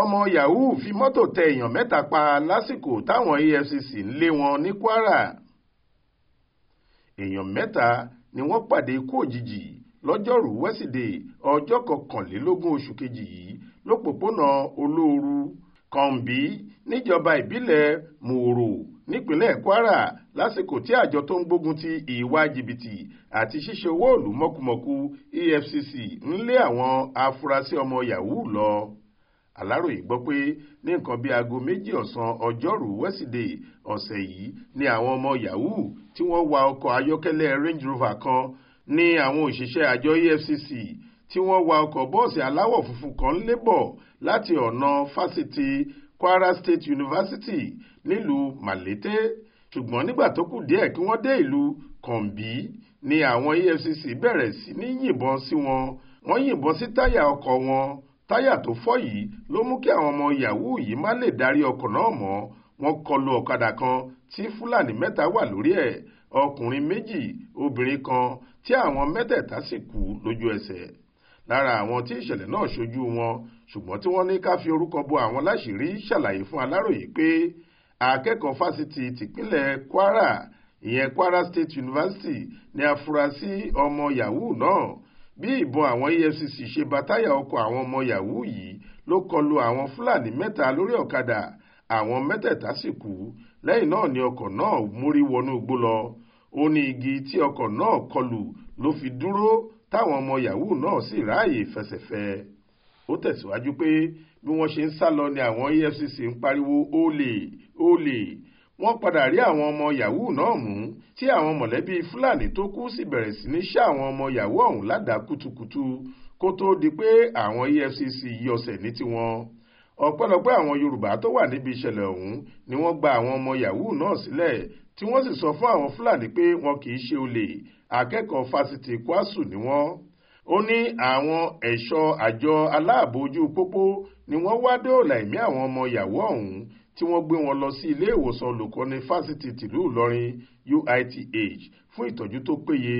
ọmọ yahoo fi mọ́tò tẹ èèyàn mẹ́ta pa lásìkò táwọn efcc ń lé wọn ní kwara èèyàn mẹ́ta ni wọ́n pàdé ikú òjijì lọ́jọ́rùú wẹ́sídẹ̀ẹ́ ọjọ́ kọkànlélógún oṣù kejì yìí lópòpónà olóoru kànbí níjọba ìbílẹ̀ mòòrò nípínlẹ̀ kwara lásìkò tí àjọ tó ń gbógun ti ìwà jìbìtì àti ṣíṣe owó ìlú mọ̀kùmọ̀kù efcc ń lé àwọn afurasí ọmọ yahoo lọ aláròye gbọ́ pé ní nǹkan bíi aago méjì ọ̀sán ọjọ́rùú wẹ́sídẹ̀ẹ́ ọ̀sẹ̀ yìí ni àwọn ọmọ yahoo tí wọ́n wa ọkọ̀ ayọ́kẹ́lẹ́ range rover kan ní àwọn òṣìṣẹ́ àjọ efcc tí wọ́n wa ọkọ̀ bọ́ọ̀sì aláwọ̀ funfun kan lébọ̀ láti ọ̀nà fásitì kwara state university nílùú malete ṣùgbọ́n nígbà tó kù díẹ̀ kí wọ́n dé ìlú kànbí ni àwọn efcc bẹ̀rẹ̀ sí ní yìnbọn sí wọn wọ́n yìnbọn sí táyà ọkọ̀ wọn táyà tó fọ́ yìí ló mú kí àwọn ọmọ yahoo yìí má lè darí ọkọ̀ náà mọ́ wọ́n kọlu ọ̀kadà kan tí fúlàní mẹ́ta wà lórí ẹ̀ ọkùnrin méjì obìnrin kan tí àwọn mẹ́tẹ̀ẹ̀ta sì kú lójú ẹsẹ̀ lára àwọn tí ìṣẹ̀lẹ̀ náà ṣojú wọn ṣùgbọ́n tí wọ́n ní ká fi orúkọ bo àwọn láṣìírí ṣàlàyé fún aláròye pé akẹ́kọ̀ọ́ fásitì tìpínlẹ̀ kwara ìyẹn kwara state university ní afurasí ọmọ yahoo náà bí ìbọn àwọn efcc ṣe ba táyà ọkọ̀ àwọn ọmọ yahoo yìí ló kọlu àwọn fúlàní mẹ́ta lórí ọ̀kadà àwọn mẹ́tẹ̀ẹ̀ta sì kú lẹ́yìn náà ni ọkọ̀ náà mórí wọnú igbó lọ ó ní igi tí ọkọ̀ náà kọlu ló fi dúró táwọn ọmọ yahoo náà sì ráàyè fẹsẹ̀fẹ ó tẹ̀síwájú pé bí wọ́n ṣe ń sá lọ ni àwọn efcc ń pariwo olè olè wọ́n padà rí àwọn ọmọ yahoo náà mú tí àwọn mọ̀lẹ́bí fúlàní tó kù sì bẹ̀rẹ̀ sí ní ṣá àwọn ọmọ yahoo ọ̀hún ládàá kutukutu kó tóó di pé àwọn efcc yọsẹ̀ ní tiwọn ọpẹ́lọpẹ́ àwọn yorùbá tó wà níbi ìṣẹ̀lẹ̀ ọ̀hún ni wọ́n gba àwọn ọmọ yahoo náà sílẹ̀ tí wọ́n sì sọ fún àwọn fúlàní pé wọn kì í ṣe olè akẹ́kọ̀ọ́ fásitì kwásù ni wọ́n ó ní àwọn ẹ̀ṣọ́ àjọ aláàbò ojú pópó ni wọ́n wá dóòlà ẹ̀mí àwọn ọmọ yàwó ọ̀hún tí wọ́n gbé wọn lọ sí ilé ìwòsàn olùkọ́ni fásitì tìlú ìlọrin UITH fún ìtọ́jú tó péye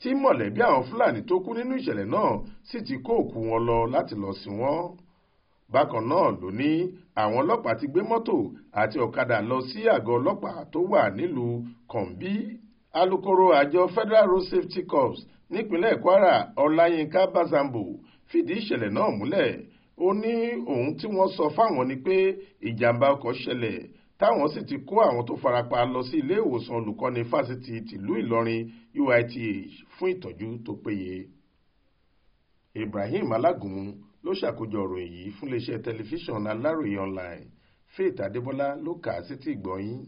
tí mọ̀lẹ́bí àwọn fúlàní tó kú nínú ìṣẹ̀lẹ̀ náà sì ti kó òkú wọn lọ láti lọ sí wọn. bákan náà ló ní àwọn ọlọ́pàá ti gbé mọ́tò àti ọ̀kadà lọ sí àgọ́ ọlọ́pàá tó wà nílùú kọ̀ǹbí alūkkóró àjọ federal road safety corps nípínlẹ̀ kwara ọláyínká bazambo fìdí ìṣẹ̀lẹ̀ náà múlẹ̀ ó ní ohun tí wọ́n sọ fáwọn ni pé ìjàmbá ọkọ̀ ṣẹlẹ̀ táwọn sì ti kó àwọn tó farapa lọ sí ilé ìwòsàn olùkọ́ni fásitì tìlú ìlọrin uith fún ìtọ́jú tó péye ibrahim alágúnmu ló ṣàkójọ ìròyìn yìí fún iléeṣẹ́ tẹlifíṣàn aláròye online faith adébọlá ló kà á sétí ìgbọ́ yín.